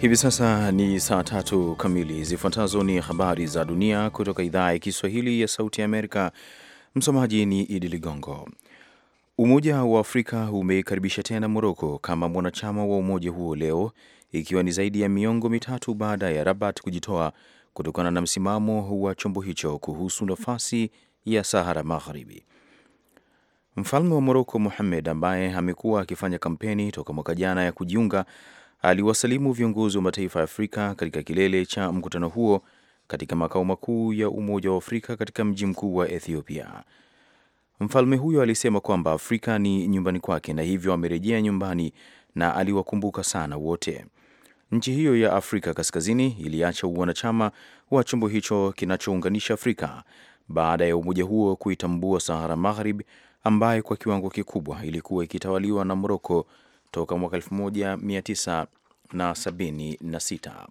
Hivi sasa ni saa tatu kamili. Zifuatazo ni habari za dunia kutoka idhaa ya Kiswahili ya Sauti ya Amerika. Msomaji ni Idi Ligongo. Umoja wa Afrika umeikaribisha tena Moroko kama mwanachama wa umoja huo leo, ikiwa ni zaidi ya miongo mitatu baada ya Rabat kujitoa kutokana na msimamo wa chombo hicho kuhusu nafasi ya Sahara Magharibi. Mfalme wa Moroko Mohamed, ambaye amekuwa akifanya kampeni toka mwaka jana ya kujiunga aliwasalimu viongozi wa mataifa ya Afrika katika kilele cha mkutano huo katika makao makuu ya Umoja wa Afrika katika mji mkuu wa Ethiopia. Mfalme huyo alisema kwamba Afrika ni nyumbani kwake na hivyo amerejea nyumbani na aliwakumbuka sana wote. Nchi hiyo ya Afrika Kaskazini iliacha uwanachama wa chombo hicho kinachounganisha Afrika baada ya umoja huo kuitambua Sahara maghrib ambaye kwa kiwango kikubwa ilikuwa ikitawaliwa na Moroko toka mwaka na sabini na sita.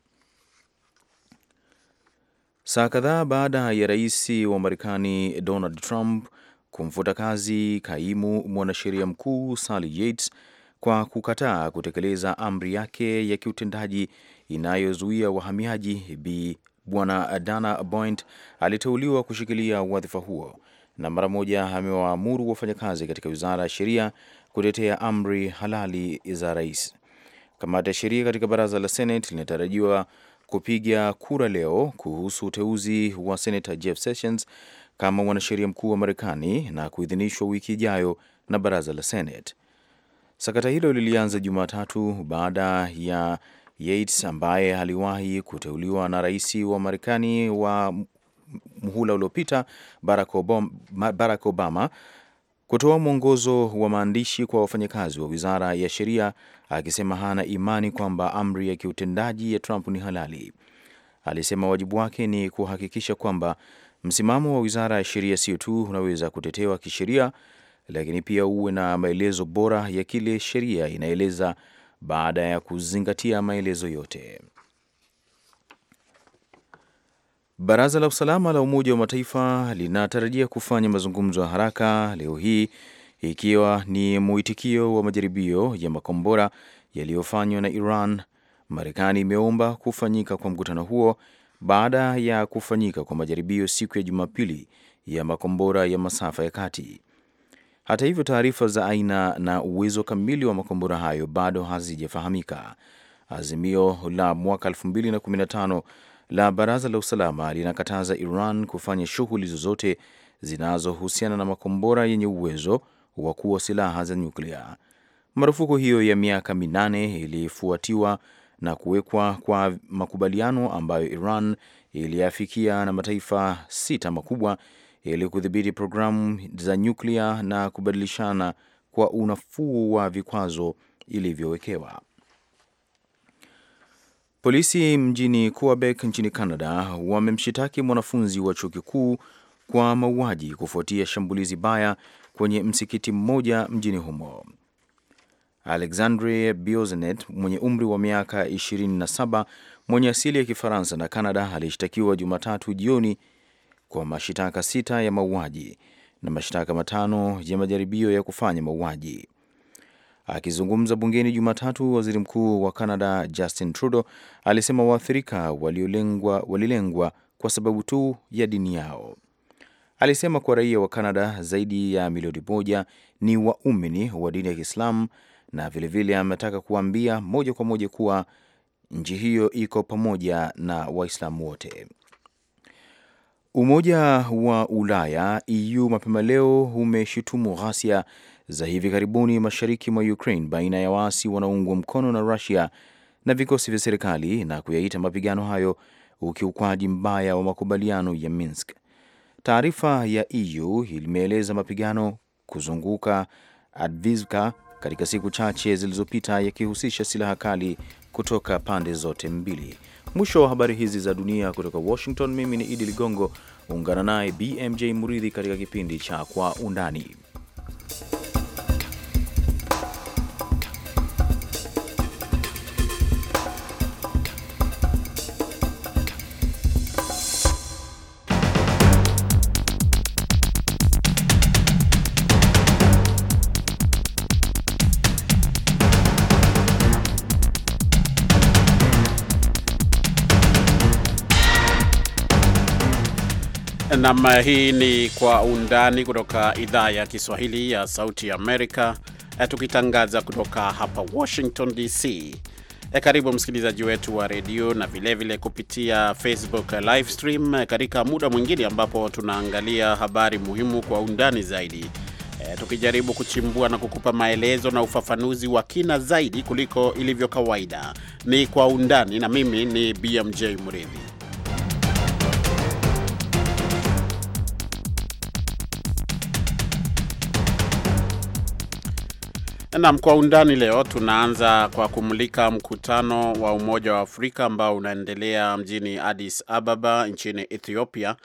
Saa kadhaa baada ya rais wa Marekani Donald Trump kumfuta kazi kaimu mwanasheria mkuu Sally Yates kwa kukataa kutekeleza amri yake ya kiutendaji inayozuia wahamiaji, Bi Bwana Dana Boint aliteuliwa kushikilia wadhifa huo na mara moja amewaamuru wafanyakazi katika wizara ya sheria kutetea amri halali za rais. Kamati ya sheria katika baraza la Senate linatarajiwa kupiga kura leo kuhusu uteuzi wa Senator Jeff Sessions kama mwanasheria mkuu wa Marekani na kuidhinishwa wiki ijayo na baraza la Senate. Sakata hilo lilianza Jumatatu baada ya Yates ambaye aliwahi kuteuliwa na rais wa Marekani wa muhula uliopita Barack Obama, Barack Obama kutoa mwongozo wa maandishi kwa wafanyakazi wa Wizara ya Sheria, akisema hana imani kwamba amri ya kiutendaji ya Trump ni halali. Alisema wajibu wake ni kuhakikisha kwamba msimamo wa Wizara ya Sheria sio tu unaweza kutetewa kisheria, lakini pia uwe na maelezo bora ya kile sheria inaeleza, baada ya kuzingatia maelezo yote. Baraza la Usalama la Umoja wa Mataifa linatarajia kufanya mazungumzo ya haraka leo hii ikiwa ni mwitikio wa majaribio ya makombora yaliyofanywa na Iran. Marekani imeomba kufanyika kwa mkutano huo baada ya kufanyika kwa majaribio siku ya Jumapili ya makombora ya masafa ya kati. Hata hivyo, taarifa za aina na uwezo kamili wa makombora hayo bado hazijafahamika. Azimio la mwaka 2015 la Baraza la Usalama linakataza Iran kufanya shughuli zozote zinazohusiana na makombora yenye uwezo wa kuwa silaha za nyuklia. Marufuku hiyo ya miaka minane ilifuatiwa na kuwekwa kwa makubaliano ambayo Iran iliyafikia na mataifa sita makubwa ili kudhibiti programu za nyuklia na kubadilishana kwa unafuu wa vikwazo ilivyowekewa. Polisi mjini Quebec nchini Canada wamemshitaki mwanafunzi wa chuo kikuu kwa mauaji kufuatia shambulizi baya kwenye msikiti mmoja mjini humo. Alexandre Biozenet mwenye umri wa miaka 27 mwenye asili ya Kifaransa na Canada alishtakiwa Jumatatu jioni kwa mashitaka sita ya mauaji na mashtaka matano ya majaribio ya kufanya mauaji. Akizungumza bungeni Jumatatu, waziri mkuu wa Canada Justin Trudeau alisema waathirika walilengwa walilengwa kwa sababu tu ya dini yao. Alisema kwa raia wa Canada zaidi ya milioni moja ni waumini wa dini ya Kiislamu, na vilevile ametaka kuambia moja kwa moja kuwa nchi hiyo iko pamoja na Waislamu wote. Umoja wa Ulaya EU mapema leo umeshutumu ghasia za hivi karibuni mashariki mwa Ukraine baina ya waasi wanaoungwa mkono na Rusia na vikosi vya serikali na kuyaita mapigano hayo ukiukwaji mbaya wa makubaliano ya Minsk. Taarifa ya EU imeeleza mapigano kuzunguka Advizka katika siku chache zilizopita yakihusisha silaha kali kutoka pande zote mbili. Mwisho wa habari hizi za dunia kutoka Washington. Mimi ni Idi Ligongo, ungana naye BMJ Muridhi katika kipindi cha Kwa Undani. Nam, hii ni Kwa Undani kutoka idhaa ya Kiswahili ya Sauti ya Amerika, eh, tukitangaza kutoka hapa Washington DC. E, eh, karibu msikilizaji wetu wa redio na vilevile vile kupitia Facebook live stream eh, katika muda mwingine ambapo tunaangalia habari muhimu kwa undani zaidi, e, tukijaribu kuchimbua na kukupa maelezo na ufafanuzi wa kina zaidi kuliko ilivyo kawaida. Ni Kwa Undani na mimi ni BMJ Mridhi. Nam, kwa undani leo tunaanza kwa kumulika mkutano wa Umoja wa Afrika ambao unaendelea mjini Addis Ababa nchini Ethiopia,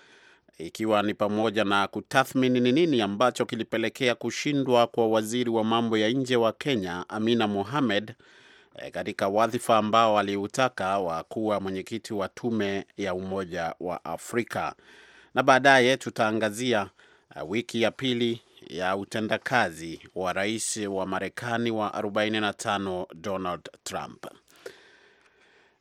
ikiwa ni pamoja na kutathmini ni nini ambacho kilipelekea kushindwa kwa waziri wa mambo ya nje wa Kenya Amina Mohamed eh, katika wadhifa ambao aliutaka wa kuwa mwenyekiti wa tume ya Umoja wa Afrika, na baadaye tutaangazia eh, wiki ya pili ya utendakazi wa rais wa Marekani wa 45 Donald Trump.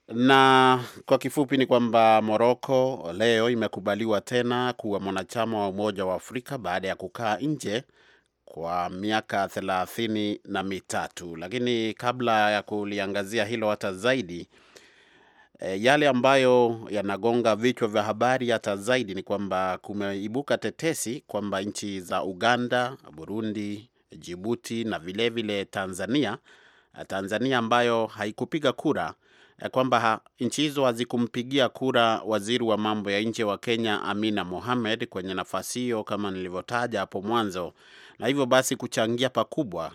Na kwa kifupi ni kwamba Moroko leo imekubaliwa tena kuwa mwanachama wa Umoja wa Afrika baada ya kukaa nje kwa miaka thelathini na mitatu. Lakini kabla ya kuliangazia hilo hata zaidi E, yale ambayo yanagonga vichwa vya habari hata zaidi ni kwamba kumeibuka tetesi kwamba nchi za Uganda, Burundi, Jibuti na vilevile vile Tanzania, eh, Tanzania ambayo haikupiga kura eh, kwamba nchi hizo hazikumpigia kura waziri wa mambo ya nje wa Kenya Amina Mohamed kwenye nafasi hiyo kama nilivyotaja hapo mwanzo, na hivyo basi kuchangia pakubwa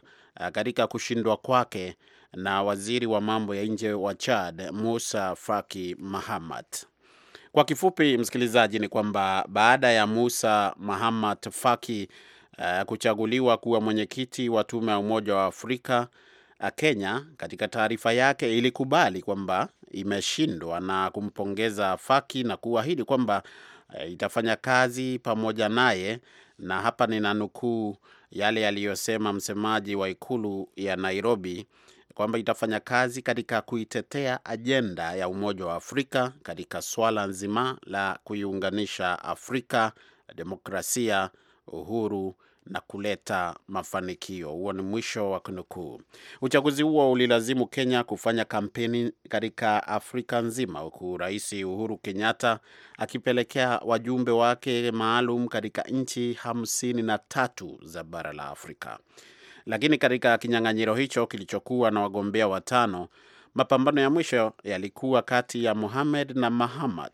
katika kushindwa kwake na waziri wa mambo ya nje wa Chad Musa Faki Mahamat. Kwa kifupi, msikilizaji, ni kwamba baada ya Musa Mahamat Faki uh, kuchaguliwa kuwa mwenyekiti wa tume ya Umoja wa Afrika, eh, Kenya katika taarifa yake ilikubali kwamba imeshindwa na kumpongeza Faki na kuahidi kwamba eh, itafanya kazi pamoja naye, na hapa ninanukuu nukuu yale yaliyosema msemaji wa ikulu ya Nairobi kwamba itafanya kazi katika kuitetea ajenda ya Umoja wa Afrika katika swala nzima la kuiunganisha Afrika, demokrasia, uhuru na kuleta mafanikio. Huo ni mwisho wa kunukuu. Uchaguzi huo ulilazimu Kenya kufanya kampeni katika Afrika nzima, huku Rais Uhuru Kenyatta akipelekea wajumbe wake maalum katika nchi hamsini na tatu za bara la Afrika. Lakini katika kinyang'anyiro hicho kilichokuwa na wagombea watano, mapambano ya mwisho yalikuwa kati ya muhamed na Mahamad,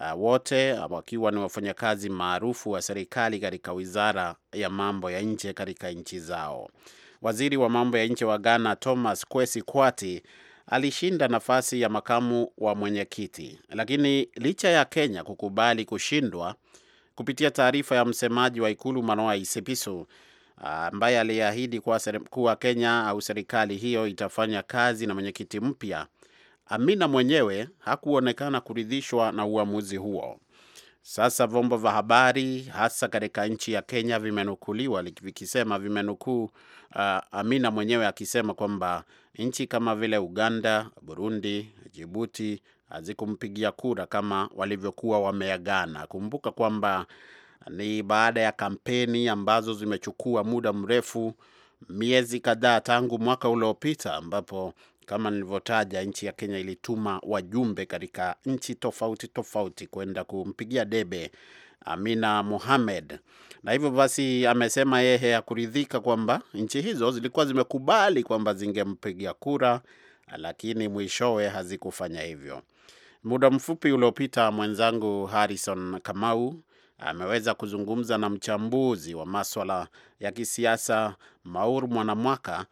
uh, ah, wote wakiwa ni wafanyakazi maarufu wa serikali katika wizara ya mambo ya nje katika nchi zao. Waziri wa mambo ya nje wa Ghana Thomas Kwesi Kwati alishinda nafasi ya makamu wa mwenyekiti, lakini licha ya Kenya kukubali kushindwa, kupitia taarifa ya msemaji wa ikulu Manoa Isipisu ambaye aliahidi kuwa Kenya au serikali hiyo itafanya kazi na mwenyekiti mpya, Amina mwenyewe hakuonekana kuridhishwa na uamuzi huo. Sasa vyombo vya habari hasa katika nchi ya Kenya vimenukuliwa vikisema vimenukuu uh, Amina mwenyewe akisema kwamba nchi kama vile Uganda, Burundi, Jibuti hazikumpigia kura kama walivyokuwa wameagana. Kumbuka kwamba ni baada ya kampeni ambazo zimechukua muda mrefu, miezi kadhaa tangu mwaka uliopita, ambapo kama nilivyotaja, nchi ya Kenya ilituma wajumbe katika nchi tofauti tofauti kwenda kumpigia debe Amina Mohamed, na hivyo basi amesema yeye hakuridhika kwamba nchi hizo zilikuwa zimekubali kwamba zingempigia kura, lakini mwishowe hazikufanya hivyo. Muda mfupi uliopita, mwenzangu Harrison Kamau ameweza kuzungumza na mchambuzi wa maswala ya kisiasa Maur Mwanamwaka,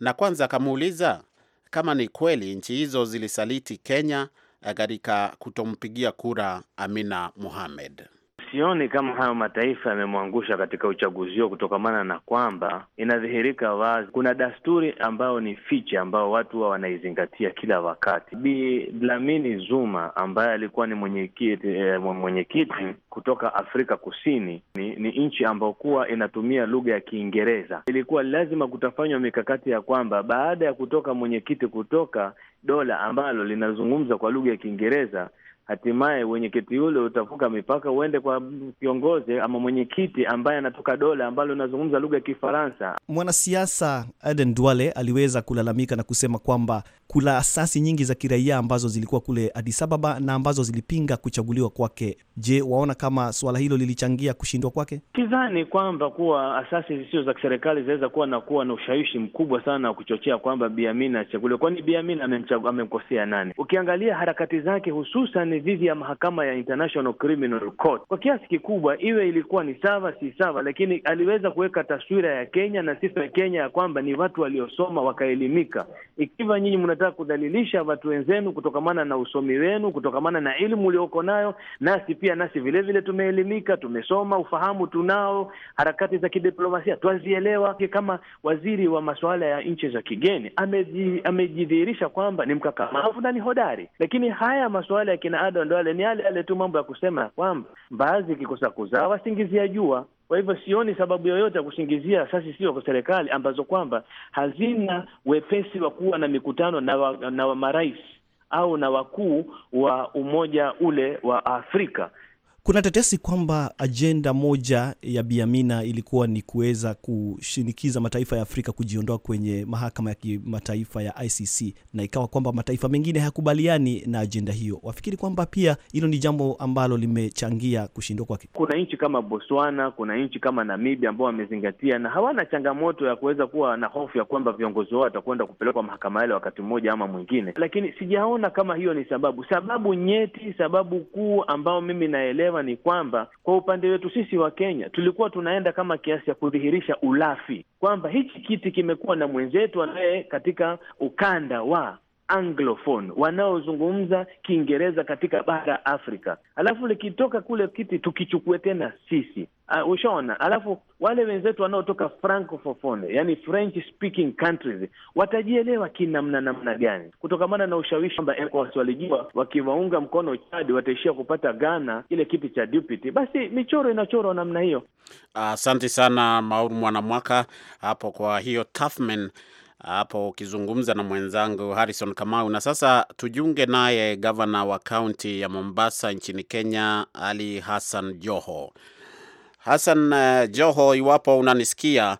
na kwanza akamuuliza kama ni kweli nchi hizo zilisaliti Kenya eh, katika kutompigia kura Amina Mohamed sioni kama hayo mataifa yamemwangusha katika uchaguzi huo, kutokamana na kwamba inadhihirika wazi kuna dasturi ambayo ni fiche, ambayo watu wa wanaizingatia kila wakati. Bi Dlamini Zuma ambaye alikuwa ni mwenyekiti eh, mwenyekiti kutoka Afrika Kusini ni, ni nchi ambayo kuwa inatumia lugha ya Kiingereza. Ilikuwa lazima kutafanywa mikakati ya kwamba baada ya kutoka mwenyekiti kutoka dola ambalo linazungumza kwa lugha ya Kiingereza hatimaye wenyekiti yule utavuka mipaka uende kwa kiongozi ama mwenyekiti ambaye anatoka dola ambalo inazungumza lugha ya Kifaransa. Mwanasiasa Aden Duale aliweza kulalamika na kusema kwamba kuna asasi nyingi za kiraia ambazo zilikuwa kule Addis Ababa na ambazo zilipinga kuchaguliwa kwake. Je, waona kama suala hilo lilichangia kushindwa kwake? kidhani kwamba kuwa asasi zisizo za kiserikali zinaweza kuwa na kuwa na ushawishi mkubwa sana wa kuchochea kwamba Biamina achaguliwe, kwani Biamina amemkosea nani? Ukiangalia harakati zake hususan ni dhidi ya mahakama ya International Criminal Court. Kwa kiasi kikubwa, iwe ilikuwa ni sawa si sawa, lakini aliweza kuweka taswira ya Kenya na sifa ya Kenya ya kwamba ni watu waliosoma wakaelimika. Ikiwa nyinyi mnataka kudhalilisha watu wenzenu kutokamana na usomi wenu, kutokamana na elimu ulioko nayo, nasi pia nasi vilevile tumeelimika, tumesoma, ufahamu tunao, harakati za kidiplomasia twazielewa. Kama waziri wa masuala ya nchi za kigeni amejidhihirisha kwamba ni mkakamavu na ni hodari, lakini haya masuala ya kina ado ndo ale ni yale yale tu mambo ya kusema ya kwamba mbaazi ikikosa kuzaa wasingizia jua. Kwa hivyo sioni sababu yoyote ya kusingizia sasi sio kwa serikali ambazo kwamba hazina wepesi wa kuwa na mikutano na, wa, na wa marais au na wakuu wa umoja ule wa Afrika kuna tetesi kwamba ajenda moja ya Biamina ilikuwa ni kuweza kushinikiza mataifa ya Afrika kujiondoa kwenye mahakama ya kimataifa ya ICC, na ikawa kwamba mataifa mengine hayakubaliani na ajenda hiyo. Wafikiri kwamba pia hilo ni jambo ambalo limechangia kushindwa kwake. Kuna nchi kama Botswana, kuna nchi kama Namibia ambao wamezingatia na hawana changamoto ya kuweza kuwa na hofu ya kwamba viongozi wao watakwenda kupelekwa mahakama yale wakati mmoja ama mwingine, lakini sijaona kama hiyo ni sababu. Sababu nyeti, sababu kuu ambayo mimi naelewa kusema ni kwamba kwa upande wetu sisi wa Kenya tulikuwa tunaenda kama kiasi ya kudhihirisha ulafi kwamba hichi kiti kimekuwa na mwenzetu anaye katika ukanda wa anglophone wanaozungumza Kiingereza katika bara Afrika, alafu likitoka kule kiti tukichukue tena sisi. Uh, ushaona. Alafu wale wenzetu wanaotoka francophone, yani French speaking countries watajielewa kinamna namna gani, kutokamana na ushawishi kwamba ECOWAS walijua wakiwaunga mkono Chad wataishia kupata Ghana kile kiti cha deputy. Basi michoro inachorwa namna hiyo. Asante uh, sana Maur Mwanamwaka hapo kwa hiyo Tafman hapo ukizungumza na mwenzangu Harrison Kamau. Na sasa tujiunge naye gavana wa kaunti ya Mombasa nchini Kenya, Ali Hassan Joho. Hassan uh, Joho, iwapo unanisikia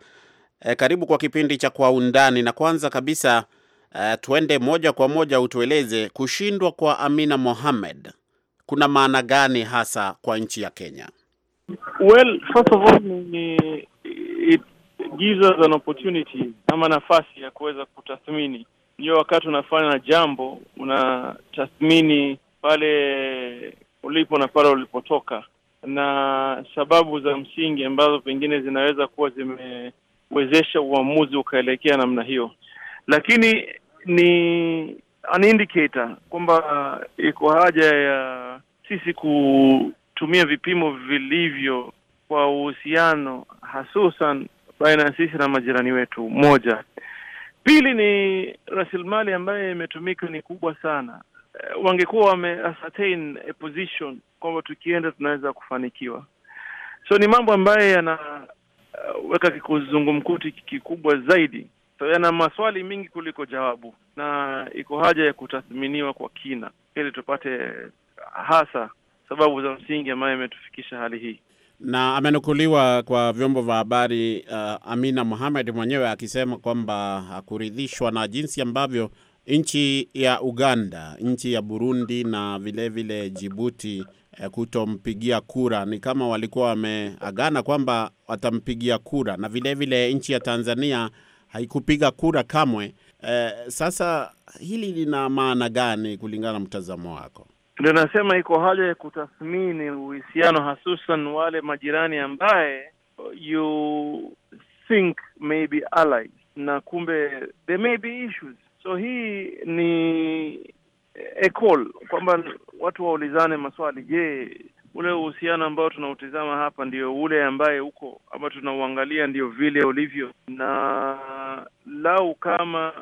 eh, karibu kwa kipindi cha Kwa Undani, na kwanza kabisa eh, tuende moja kwa moja, utueleze kushindwa kwa Amina Mohamed kuna maana gani hasa kwa nchi ya Kenya? Well, first of all, ni gives us an opportunity ama nafasi ya kuweza kutathmini. Ndio wakati unafanya jambo, unatathmini pale ulipo na pale ulipotoka, na sababu za msingi ambazo pengine zinaweza kuwa zimewezesha uamuzi ukaelekea namna hiyo, lakini ni an indicator kwamba iko haja ya sisi kutumia vipimo vilivyo kwa uhusiano hasusan baina ya sisi na majirani wetu. Moja, pili ni rasilimali ambayo imetumika ni kubwa sana. Eh, wangekuwa wame ascertain a position kwamba tukienda tunaweza kufanikiwa, so ni mambo ambayo yanaweka eh, uh, kikuzungumkuti kikubwa zaidi. So yana maswali mingi kuliko jawabu, na iko haja ya kutathminiwa kwa kina ili tupate hasa sababu za msingi ambayo imetufikisha hali hii na amenukuliwa kwa vyombo vya habari uh, Amina Mohamed mwenyewe akisema kwamba hakuridhishwa na jinsi ambavyo nchi ya Uganda, nchi ya Burundi na vilevile vile Jibuti eh, kutompigia kura, ni kama walikuwa wameagana kwamba watampigia kura, na vilevile vile nchi ya Tanzania haikupiga kura kamwe. Eh, sasa hili lina maana gani kulingana na mtazamo wako? Ndio nasema iko haja ya kutathmini uhusiano, hasusan wale majirani ambaye you think allies, na kumbe there may be issues. So hii ni a call kwamba watu waulizane maswali. Je, ule uhusiano ambao tunautizama hapa ndio ule ambaye uko ama tunauangalia ndio vile ulivyo? Na lau kama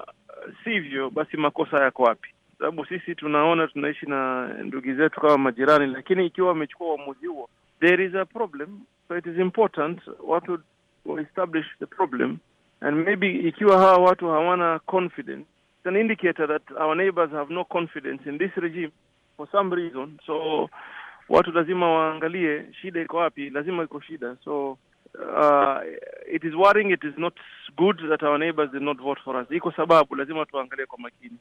sivyo, basi makosa yako wapi? sababu sisi tunaona tunaishi na ndugu zetu kama majirani, lakini ikiwa wamechukua uamuzi huo, there is a problem, so it is important watu wa establish the problem and maybe ikiwa hawa watu hawana confidence, it's an indicator that our neighbors have no confidence in this regime for some reason. So watu lazima waangalie shida iko wapi, lazima iko shida so uh, it is worrying, it is not good that our neighbors did not vote for us. Iko sababu lazima tuangalie kwa makini,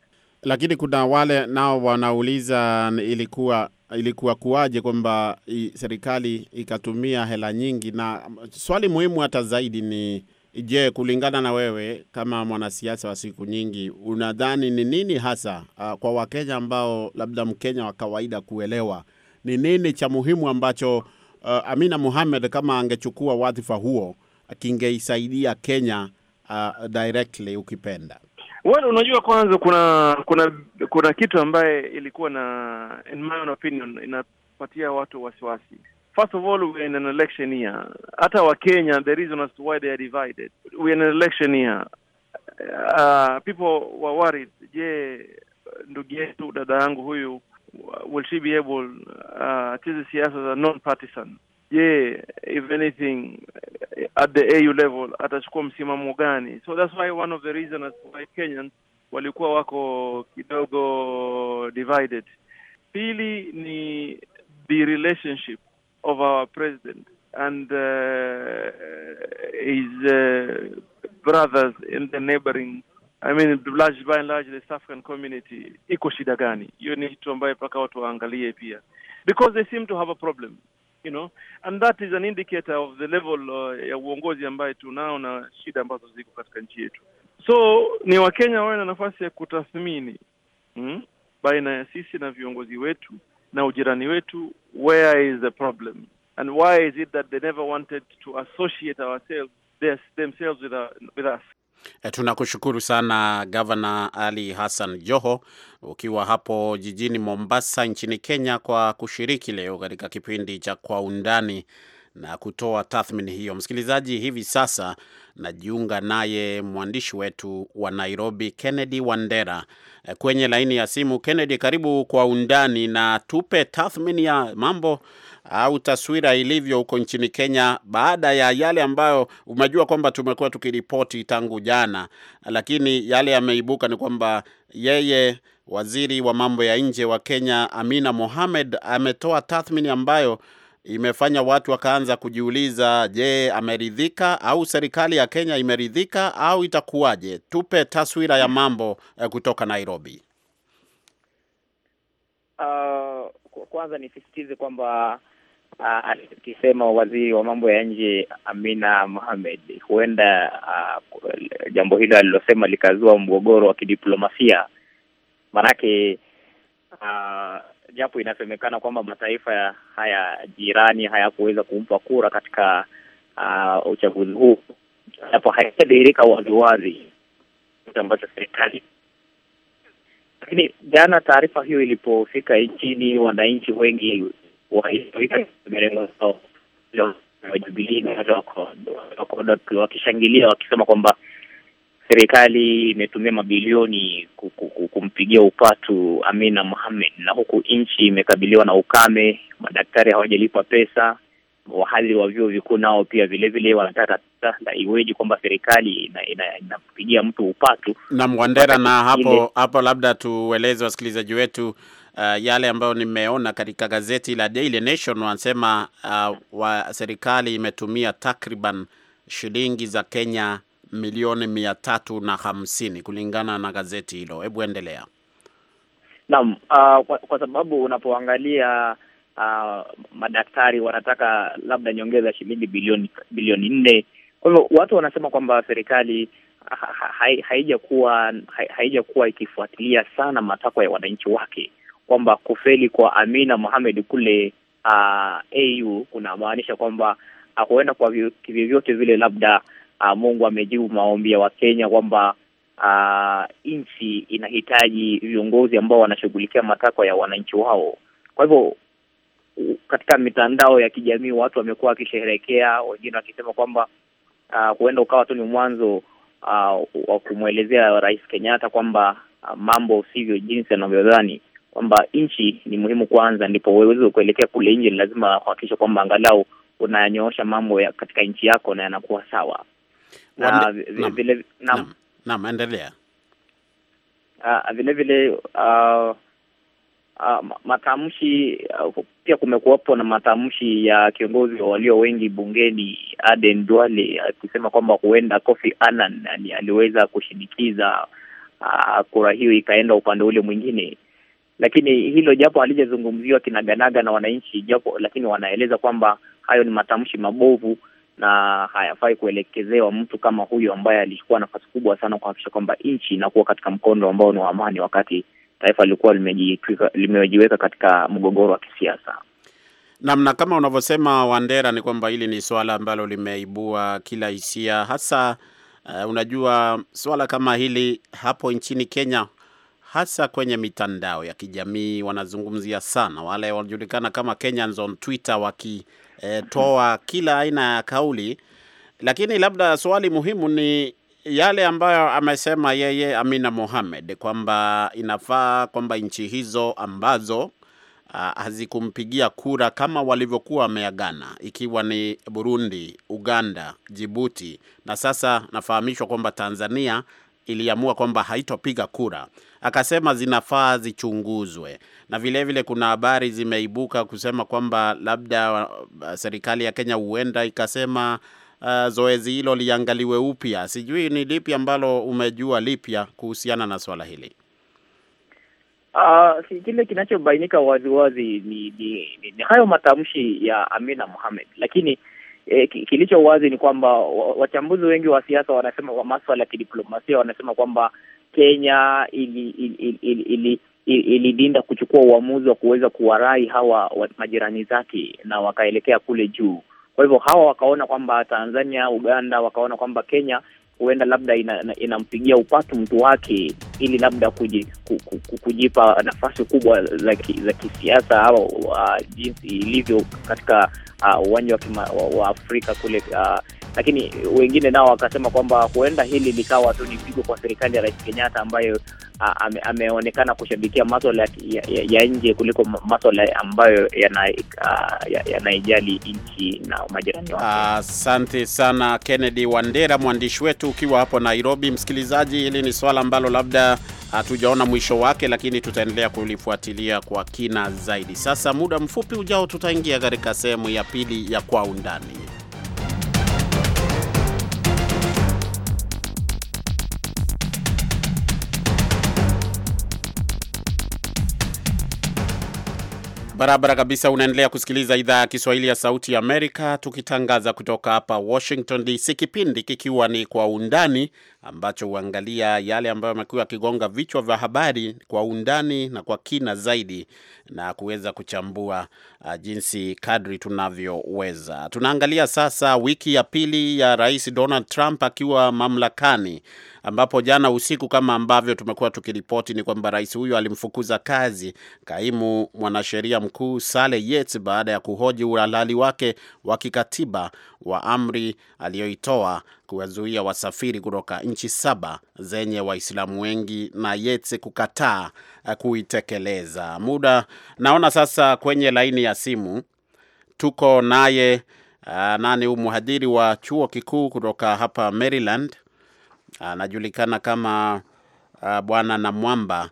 lakini kuna wale nao wanauliza ilikuwa ilikuwa kuwaje kwamba serikali ikatumia hela nyingi, na swali muhimu hata zaidi ni Je, kulingana na wewe kama mwanasiasa wa siku nyingi, unadhani ni nini hasa uh, kwa Wakenya ambao labda Mkenya wa kawaida kuelewa ni nini cha muhimu ambacho uh, Amina Mohamed kama angechukua wadhifa huo kingeisaidia Kenya uh, directly ukipenda? Well, unajua kwanza kuna kuna kuna kitu ambaye ilikuwa na in my own opinion inapatia watu wasiwasi. First of all, we're in an election year. Hata wa Kenya the reason as to why they are divided. We're in an election year. Uh, people were worried. Je, ndugu yetu dada yangu huyu will she be able uh, to see us as a non-partisan? Yeah, if anything, at the AU level atachukua msimamo gani? So that's why one of the reasons why Kenyans walikuwa wako kidogo divided. Pili ni the relationship of our president and uh, his uh, brothers in the neighboring I mean, large by and large the South African community iko shida gani? Hiyo ni kitu ambayo mpaka watu waangalie pia, because they seem to have a problem you know, and that is an indicator of the level uh, ya uongozi ambayo tunao na shida ambazo ziko katika nchi yetu. So ni Wakenya wawe na nafasi ya kutathmini mm, baina ya sisi na viongozi wetu na ujirani wetu, where is the problem and why is it that they never wanted to associate ourselves themselves with, our, uh, with us E, tunakushukuru sana Gavana Ali Hassan Joho ukiwa hapo jijini Mombasa nchini Kenya kwa kushiriki leo katika kipindi cha Kwa Undani na kutoa tathmini hiyo. Msikilizaji, hivi sasa najiunga naye mwandishi wetu wa Nairobi Kennedy Wandera e, kwenye laini ya simu. Kennedy, karibu Kwa Undani na tupe tathmini ya mambo au taswira ilivyo huko nchini Kenya baada ya yale ambayo umejua kwamba tumekuwa tukiripoti tangu jana, lakini yale yameibuka ni kwamba yeye waziri wa mambo ya nje wa Kenya Amina Mohamed ametoa tathmini ambayo imefanya watu wakaanza kujiuliza, je, ameridhika au serikali ya Kenya imeridhika au itakuwaje? Tupe taswira ya mambo eh, kutoka Nairobi. Uh, kwanza nisisitize kwamba uh, waziri wa mambo ya nje Amina Mohamed, huenda uh, jambo hilo alilosema likazua mgogoro wa kidiplomasia manake uh, japo inasemekana kwamba mataifa haya jirani hayakuweza kumpa kura katika uh, uchaguzi huu, japo haijadhihirika waziwazi ambacho serikali. Lakini jana taarifa hiyo ilipofika nchini, wananchi wengi wakishangilia wakisema kwamba serikali imetumia mabilioni kumpigia upatu Amina Mohamed, na huku nchi imekabiliwa na ukame, madaktari hawajalipwa pesa, wahadhiri wa vyuo vikuu nao pia vile vile wanataka na iweje kwamba serikali inapigia ina, ina mtu upatu na Mwandera na hapo ile. Hapo labda tueleze wasikilizaji wetu Uh, yale ambayo nimeona katika gazeti la Daily Nation wanasema, uh, wa serikali imetumia takriban shilingi za Kenya milioni mia tatu na hamsini kulingana na gazeti hilo. Hebu endelea. Naam, uh, kwa, kwa sababu unapoangalia uh, madaktari wanataka labda nyongeza shilingi bilioni bilioni nne kwa hivyo watu wanasema kwamba serikali haijakuwa kuwa ikifuatilia sana matakwa ya wananchi wake, kwamba kufeli kwa Amina Mohamed kule uh, AU kunamaanisha kwamba uh, huenda kwa vyovyote vile labda uh, Mungu amejibu maombi ya Wakenya kwamba uh, nchi inahitaji viongozi ambao wanashughulikia matakwa ya wananchi wao. Kwa hivyo katika mitandao ya kijamii watu wamekuwa wakisherehekea, wengine wakisema kwamba Ah, huenda ukawa tu ni mwanzo uh, wa kumwelezea Rais Kenyatta kwamba uh, mambo sivyo jinsi anavyodhani, kwamba nchi ni muhimu kwanza, ndipo uweze kuelekea kule nje. Lazima kuhakikisha kwamba angalau unayanyoosha mambo ya katika nchi yako na yanakuwa sawa. Na vile vile, na, na, na, na, uh, uh, matamshi uh, pia kumekuwapo na matamshi ya kiongozi wa walio wengi bungeni Aden Duale akisema uh, kwamba huenda Kofi Annan aliweza kushinikiza uh, kura hiyo ikaenda upande ule mwingine, lakini hilo japo halijazungumziwa kinaganaga na wananchi japo, lakini wanaeleza kwamba hayo ni matamshi mabovu na hayafai kuelekezewa mtu kama huyo ambaye alichukua nafasi kubwa sana kuhakikisha kwamba nchi inakuwa katika mkondo ambao ni wa amani wakati taifa lilikuwa limejiweka katika mgogoro wa kisiasa. Namna kama unavyosema Wandera, ni kwamba hili ni swala ambalo limeibua kila hisia hasa. Uh, unajua swala kama hili hapo nchini Kenya hasa kwenye mitandao ya kijamii wanazungumzia sana, wale wanajulikana kama Kenyans on Twitter wakitoa eh, kila aina ya kauli, lakini labda swali muhimu ni yale ambayo amesema yeye Amina Mohamed kwamba inafaa kwamba nchi hizo ambazo ah, hazikumpigia kura kama walivyokuwa wameagana, ikiwa ni Burundi, Uganda, Jibuti na sasa nafahamishwa kwamba Tanzania iliamua kwamba haitopiga kura, akasema zinafaa zichunguzwe. Na vilevile vile kuna habari zimeibuka kusema kwamba labda ah, serikali ya Kenya huenda ikasema uh, zoezi hilo liangaliwe upya. Sijui ni lipi ambalo umejua lipya kuhusiana na swala hili? Uh, kile kinachobainika waziwazi ni, ni, ni, ni hayo matamshi ya Amina Mohamed, lakini eh, kilicho wazi ni kwamba wachambuzi wengi wa siasa wanasema, wa maswala ya kidiplomasia wanasema kwamba Kenya ili, ili, ili, ili ilidinda kuchukua uamuzi wa kuweza kuwarai hawa majirani zake na wakaelekea kule juu. Kwa hivyo hawa wakaona kwamba Tanzania, Uganda wakaona kwamba Kenya huenda labda inampigia ina, ina upatu mtu wake ili labda kuji, ku, ku, ku, kujipa nafasi kubwa za kisiasa au uh, jinsi ilivyo katika Uh, uwanja uh, wa Afrika kule uh, lakini wengine nao wakasema kwamba huenda hili likawa tu ni pigo kwa serikali ya Rais Kenyatta ambayo uh, ame, ameonekana kushabikia maswala ya, ya, ya nje kuliko maswala ambayo uh, yanaijali ya, ya nchi na majirani wake. Asante uh, sana Kennedy Wandera, mwandishi wetu ukiwa hapo Nairobi. Msikilizaji, hili ni swala ambalo labda hatujaona mwisho wake, lakini tutaendelea kulifuatilia kwa kina zaidi. Sasa muda mfupi ujao, tutaingia katika sehemu ya pili ya kwa undani. Barabara kabisa, unaendelea kusikiliza idhaa ya Kiswahili ya Sauti ya Amerika, tukitangaza kutoka hapa Washington DC, kipindi kikiwa ni Kwa Undani, ambacho huangalia yale ambayo amekuwa akigonga vichwa vya habari kwa undani na kwa kina zaidi na kuweza kuchambua uh, jinsi kadri tunavyoweza. Tunaangalia sasa wiki ya pili ya Rais Donald Trump akiwa mamlakani, ambapo jana usiku, kama ambavyo tumekuwa tukiripoti, ni kwamba rais huyo alimfukuza kazi kaimu mwanasheria mkuu Sale Yates baada ya kuhoji uhalali wake wa kikatiba wa amri aliyoitoa kuwazuia wasafiri kutoka nchi saba zenye Waislamu wengi na Yetse kukataa eh, kuitekeleza. Muda naona sasa kwenye laini ya simu tuko naye eh, nani, mhadhiri wa chuo kikuu kutoka hapa Maryland, anajulikana kama eh, Bwana Namwamba.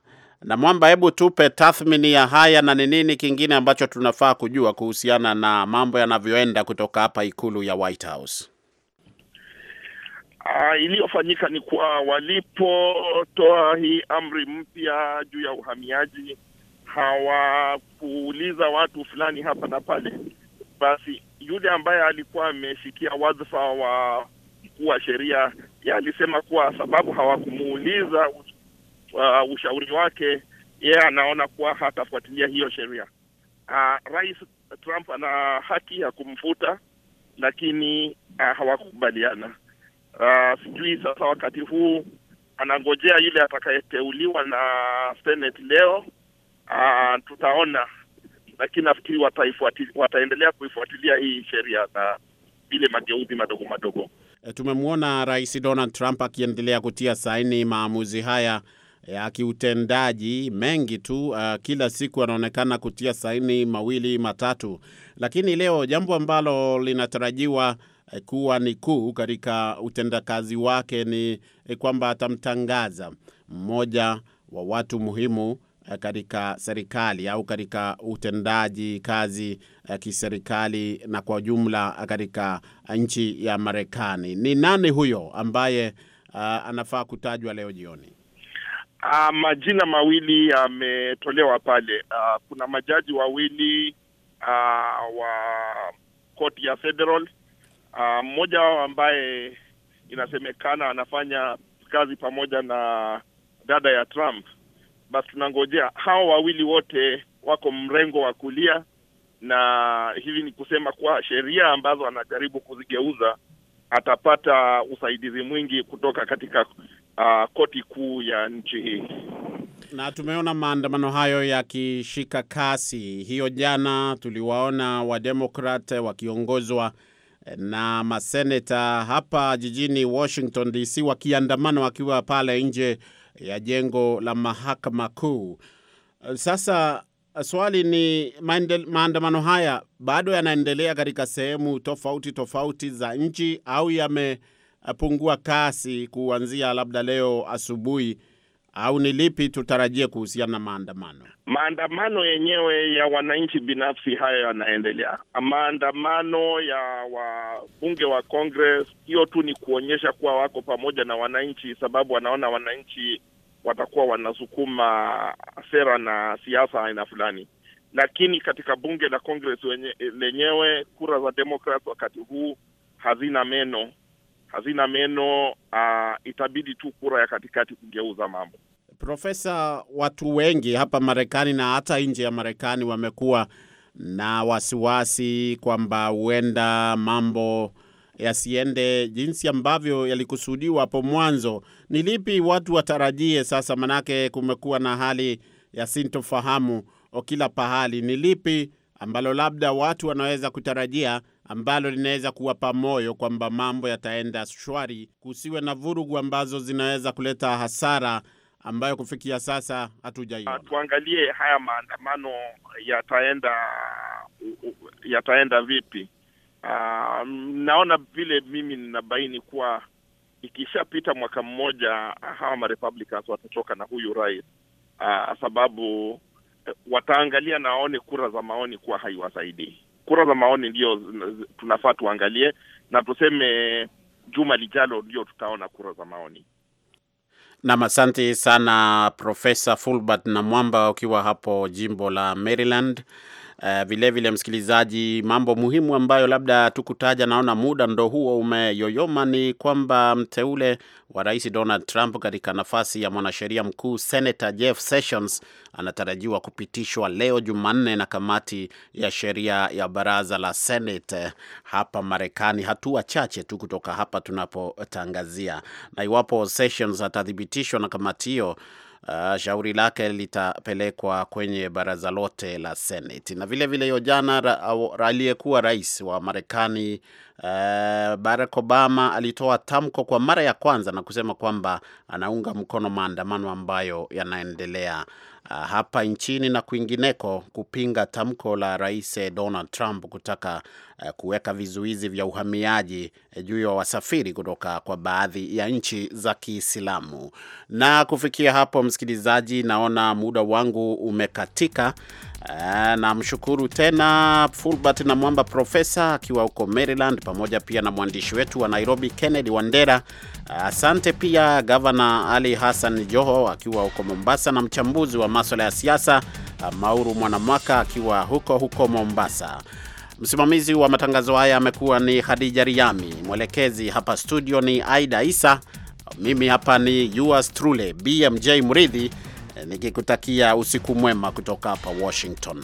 Mwamba, hebu tupe tathmini ya haya na ni nini kingine ambacho tunafaa kujua kuhusiana na mambo yanavyoenda kutoka hapa ikulu ya White House uh, iliyofanyika ni kwa walipotoa hii amri mpya juu ya uhamiaji hawakuuliza watu fulani hapa na pale. Basi yule ambaye alikuwa ameshikia wadhifa wa mkuu wa sheria ye alisema kuwa sababu hawakumuuliza uh, ushauri wake, yeye anaona kuwa hatafuatilia hiyo sheria. Uh, Rais Trump ana haki ya kumfuta, lakini uh, hawakukubaliana. Uh, sijui sasa wakati huu anangojea yule atakayeteuliwa na Senate leo. Uh, tutaona, lakini nafikiri wataendelea kuifuatilia hii sheria na vile mageuzi madogo madogo. Eh, tumemwona Rais Donald Trump akiendelea kutia saini maamuzi haya ya eh, kiutendaji mengi tu. Uh, kila siku anaonekana kutia saini mawili matatu, lakini leo jambo ambalo linatarajiwa Eh, kuwa ni kuu katika utendakazi wake ni eh, kwamba atamtangaza mmoja wa watu muhimu eh, katika serikali au katika utendaji kazi kiserikali na kwa jumla katika nchi ya Marekani. Ni nani huyo ambaye uh, anafaa kutajwa leo jioni? Uh, majina mawili yametolewa pale. Uh, kuna majaji wawili uh, wa koti ya federal Ah, mmoja wao ambaye inasemekana anafanya kazi pamoja na dada ya Trump. Basi tunangojea hawa wawili wote wako mrengo wa kulia, na hivi ni kusema kuwa sheria ambazo anajaribu kuzigeuza atapata usaidizi mwingi kutoka katika uh, koti kuu ya nchi hii. Na tumeona maandamano hayo yakishika kasi. Hiyo jana tuliwaona Wademokrat wakiongozwa na maseneta hapa jijini Washington DC wakiandamana wakiwa pale nje ya jengo la mahakama kuu. Sasa swali ni maandamano haya bado yanaendelea katika sehemu tofauti tofauti za nchi au yamepungua kasi kuanzia labda leo asubuhi au ni lipi tutarajie kuhusiana na maandamano? Maandamano yenyewe ya wananchi binafsi hayo yanaendelea. Maandamano ya wabunge wa Congress hiyo tu ni kuonyesha kuwa wako pamoja na wananchi, sababu wanaona wananchi watakuwa wanasukuma sera na siasa aina fulani. Lakini katika bunge la Congress lenyewe kura za Democrats wakati huu hazina meno hazina meno uh, itabidi tu kura ya katikati kugeuza mambo. Profesa, watu wengi hapa Marekani na hata nje ya Marekani wamekuwa na wasiwasi kwamba huenda mambo yasiende jinsi ambavyo yalikusudiwa hapo mwanzo. Ni lipi watu watarajie sasa? Manake kumekuwa na hali ya sintofahamu kila pahali. Ni lipi ambalo labda watu wanaweza kutarajia ambalo linaweza kuwapa moyo kwamba mambo yataenda shwari, kusiwe na vurugu ambazo zinaweza kuleta hasara ambayo kufikia sasa hatujaiona. Tuangalie haya maandamano yataenda yataenda vipi. Uh, naona vile mimi ninabaini kuwa ikishapita mwaka mmoja hawa marepublicans watatoka na huyu rais uh, sababu eh, wataangalia na waone kura za maoni kuwa haiwasaidii kura za maoni ndio tunafaa tuangalie, na tuseme juma lijalo ndio tutaona kura za maoni. Nam, asante sana Profesa Fulbert na Mwamba ukiwa hapo jimbo la Maryland. Vilevile eh, vile msikilizaji, mambo muhimu ambayo labda tukutaja, naona muda ndo huo umeyoyoma, ni kwamba mteule wa rais Donald Trump katika nafasi ya mwanasheria mkuu Senator Jeff Sessions anatarajiwa kupitishwa leo Jumanne na kamati ya sheria ya baraza la Senate hapa Marekani, hatua chache tu kutoka hapa tunapotangazia. Na iwapo Sessions atathibitishwa na kamati hiyo uh, shauri lake litapelekwa kwenye baraza lote la Senate. Na vile vile hiyo jana ra, aliyekuwa rais wa Marekani uh, Barack Obama alitoa tamko kwa mara ya kwanza na kusema kwamba anaunga mkono maandamano ambayo yanaendelea uh, hapa nchini na kwingineko kupinga tamko la Rais Donald Trump kutaka Eh, kuweka vizuizi vya uhamiaji eh, juu ya wasafiri kutoka kwa baadhi ya nchi za Kiislamu. Na kufikia hapo, msikilizaji, naona muda wangu umekatika. Eh, namshukuru tena Fulbert na Mwamba profesa akiwa huko Maryland, pamoja pia na mwandishi wetu wa Nairobi Kennedy Wandera. Asante pia gavana Ali Hassan Joho akiwa huko Mombasa, na mchambuzi wa maswala ya siasa Mauru Mwanamwaka akiwa huko huko Mombasa. Msimamizi wa matangazo haya amekuwa ni Khadija Riami, mwelekezi hapa studio ni Aida Isa, mimi hapa ni yours truly BMJ Muridhi nikikutakia usiku mwema kutoka hapa Washington.